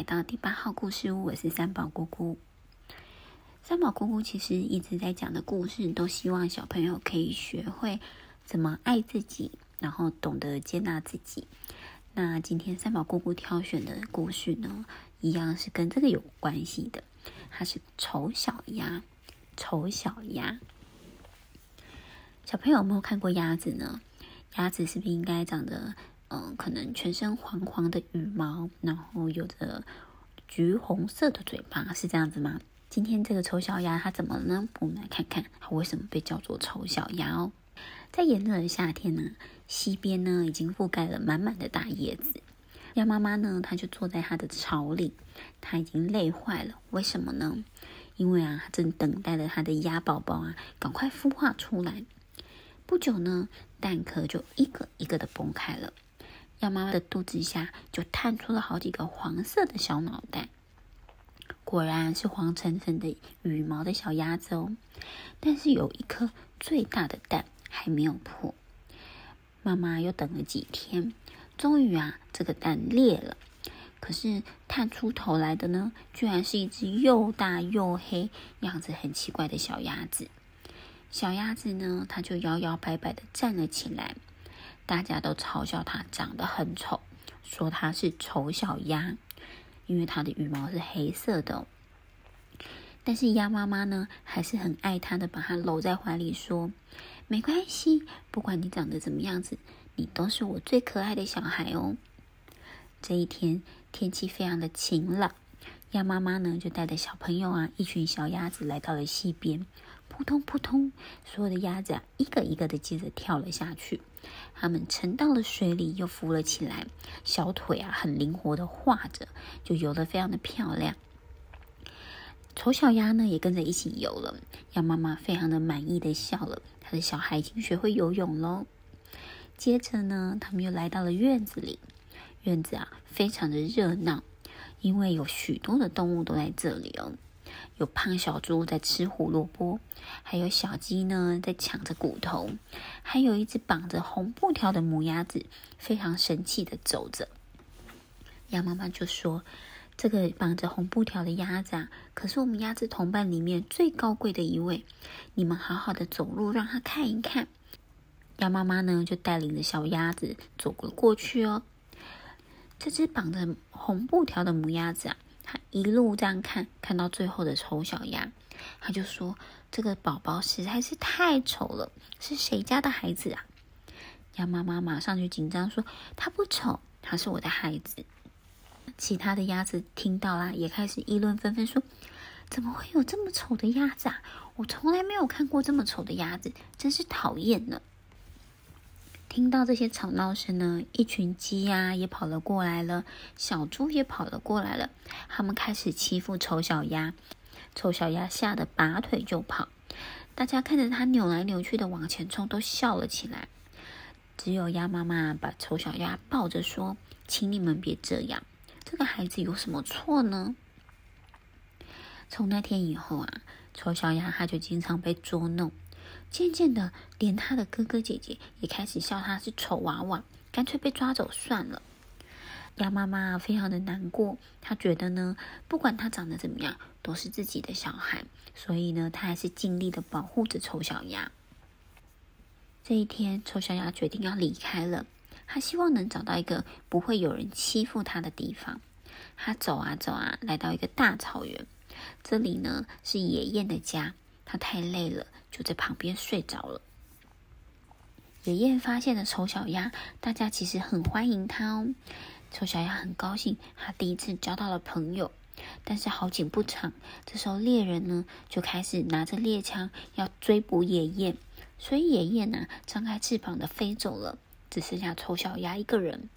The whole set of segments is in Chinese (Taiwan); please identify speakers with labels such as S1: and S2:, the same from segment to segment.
S1: 來到第八號故事屋，我是三寶菇菇。三寶菇菇其實一直在講的故事，都希望小朋友可以學會怎麼愛自己，然後懂得接納自己。那今天三寶菇菇挑選的故事呢，一樣是跟這個有關係的，它是《醜小鴨》。醜小鴨，小朋友有沒有看過鴨子呢？鴨子是不是應該長得？嗯、呃，可能全身黃黃的羽毛，然後有着橘紅色的嘴巴，是這樣子嗎？今天這個醜小鴨它怎麼了呢？我們來看看它為什麼被叫做醜小鴨哦。在炎熱的夏天呢，溪邊呢已經覆蓋了滿滿的大葉子。鴨媽媽呢，它就坐在它的巢裡，它已經累壞了。為什麼呢？因為啊，它正等待着它的鴨寶寶啊，趕快孵化出來。不久呢，蛋殼就一個一個的崩開了。鴨媽媽的肚子下就探出了好幾個黃色的小腦袋，果然是黃澄澄的羽毛的小鴨子哦。但是有一顆最大的蛋還沒有破，媽媽又等了幾天，終於啊，這個蛋裂了。可是探出頭來的呢，居然是一只又大又黑、樣子很奇怪的小鴨子。小鴨子呢，它就搖搖擺擺的站了起來。大家都嘲笑它長得很醜，說它是醜小鴨，因為它的羽毛是黑色的哦。但是鴨媽媽呢，還是很愛它的，把它摟在懷裡說：“沒關係，不管你長得怎麼樣子，你都是我最可愛的小孩哦。”這一天天氣非常的晴朗，鴨媽媽呢就帶着小朋友啊，一群小鴨子來到了溪邊。撲通撲通，所有的鴨子啊，一個一個的接着跳了下去，它們沉到了水裡，又浮了起來，小腿啊很靈活的劃著，就游得非常的漂亮。醜小鴨呢也跟着一起游了，鴨媽媽非常的滿意的笑了，他的小孩已經學會游泳嘍。接着呢，他們又來到了院子裡，院子啊非常的熱鬧，因為有許多的動物都在這裡哦。有胖小豬在吃胡蘿蔔，還有小雞呢在搶着骨頭，還有一隻綁着紅布條的母鴨子，非常神氣的走着。鴨媽媽就說：“這個綁着紅布條的鴨子啊，可是我們鴨子同伴裡面最高貴的一位，你們好好的走路，讓它看一看。”鴨媽媽呢就帶領着小鴨子走過過去哦。這隻綁着紅布條的母鴨子啊。他一路這樣看，看到最後的醜小鴨，他就說：“這個寶寶實在是太醜了，是誰家的孩子啊？”鴨媽媽馬上就緊張說：“他不醜，他是我的孩子。”其他的鴨子聽到啦，也開始議論紛紛說：“怎麼會有這麼醜的鴨子啊？我從來沒有看過這麼醜的鴨子，真是討厭了。”聽到這些吵鬧聲呢，一群雞鴨也跑了過來了，小豬也跑了過來了，他們開始欺負醜小鴨，醜小鴨嚇得拔腿就跑，大家看着它扭來扭去的往前衝，都笑了起來，只有鴨媽媽把醜小鴨抱着說：“請你們別這樣，這個孩子有什麼錯呢？”從那天以後啊，醜小鴨它就經常被捉弄。漸漸的，連他的哥哥姐姐也開始笑他是醜娃娃，乾脆被抓走算了。鴨媽媽非常的難過，她覺得呢，不管他長得怎麼樣，都是自己的小孩，所以呢，她還是盡力的保護着醜小鴨。這一天，醜小鴨決定要離開了，他希望能找到一個不會有人欺負他的地方。他走啊走啊，來到一個大草原，這裡呢是野雁的家。他太累了，就在旁邊睡着了。野雁發現了醜小鴨，大家其實很歡迎他哦。醜小鴨很高興，他第一次交到了朋友。但是好景不長，這時候獵人呢就開始拿着獵槍要追捕野雁，所以野雁呢張開翅膀的飛走了，只剩下醜小鴨一個人。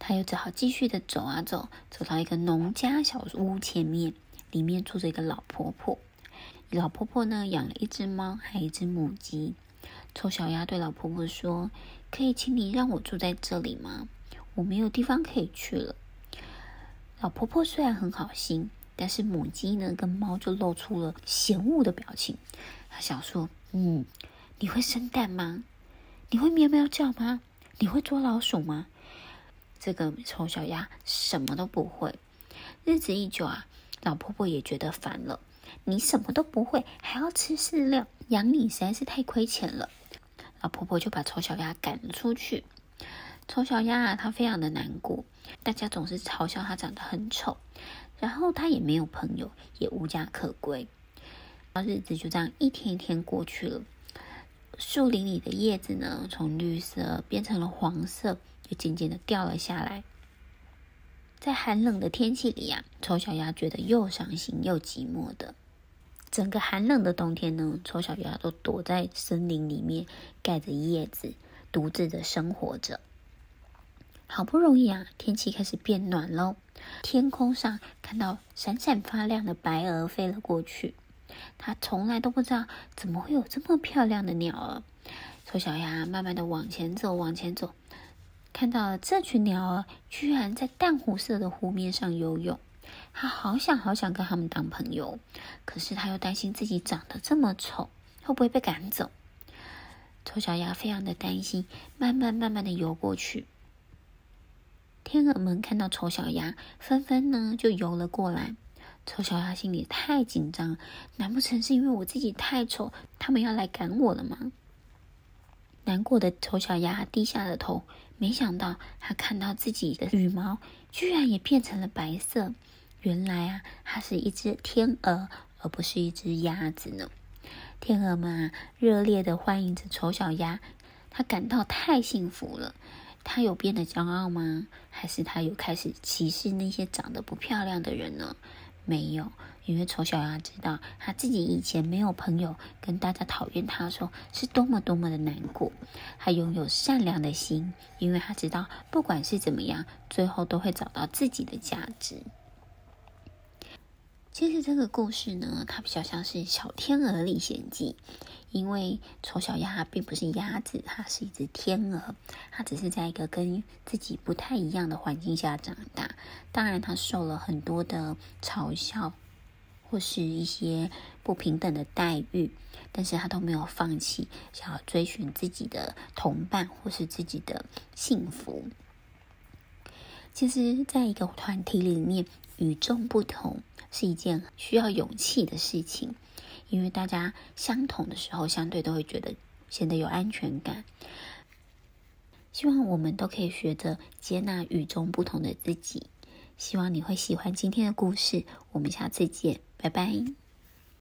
S1: 他又只好繼續的走啊走，走到一個農家小屋前面，裡面住着一個老婆婆。老婆婆呢養了一隻貓，還有一隻母雞。醜小鴨對老婆婆說：“可以請你讓我住在這裡嗎？我沒有地方可以去了。”老婆婆雖然很好心，但是母雞呢跟貓就露出了嫌惡的表情。她想說：“嗯，你會生蛋嗎？你會喵喵叫嗎？你會捉老鼠嗎？”這個醜小鴨什麼都不會。日子一久啊，老婆婆也覺得煩了。你什麼都不會，還要吃飼料養你實在是太虧錢了。老婆婆就把醜小鴨趕了出去。醜小鴨啊，它非常的難過，大家總是嘲笑它長得很醜，然後它也沒有朋友，也無家可歸。然後日子就這樣一天一天過去了。樹林裡的葉子呢，從綠色變成了黃色，就漸漸的掉了下來。在寒冷的天氣裡啊，醜小鴨覺得又傷心又寂寞的。整個寒冷的冬天呢，醜小鴨都躲在森林裡面，蓋着葉子，獨自的生活着。好不容易啊，天氣開始變暖嘍，天空上看到閃閃發亮的白鵝飛了過去。它從來都不知道怎麼會有這麼漂亮的鳥兒。醜小鴨慢慢的往前走，往前走，看到了這群鳥兒居然在淡紅色的湖面上游泳。他好想好想跟他們當朋友，可是他又擔心自己長得這麼醜，會不會被趕走？醜小鴨非常的擔心，慢慢慢慢的游過去。天鵝們看到醜小鴨，紛紛呢就游了過來。醜小鴨心裡太緊張，難不成是因為我自己太醜，他們要來趕我了嗎？難過的醜小鴨低下了頭，沒想到他看到自己的羽毛居然也變成了白色。原來啊，它是一只天鵝，而不是一只鴨子呢。天鵝們啊，熱烈的歡迎着醜小鴨。它感到太幸福了。它有變得驕傲嗎？還是它有開始歧視那些長得不漂亮的人呢？沒有，因為醜小鴨知道，它自己以前沒有朋友，跟大家討厭它的時候，是多麼多麼的難過。它擁有善良的心，因為它知道，不管是怎麼樣，最後都會找到自己的價值。其實這個故事呢，它比較像是《小天鵝歷險記》，因為醜小鴨並不是鴨子，它是一只天鵝，它只是在一個跟自己不太一樣的環境下長大。當然，它受了很多的嘲笑，或是一些不平等的待遇，但是它都沒有放棄，想要追尋自己的同伴或是自己的幸福。其實，在一個團體裡面，與眾不同。是一件需要勇氣的事情，因為大家相同的時候，相對都會覺得顯得有安全感。希望我們都可以學着接納與眾不同的自己。希望你會喜歡今天的故事，我們下次見，拜拜。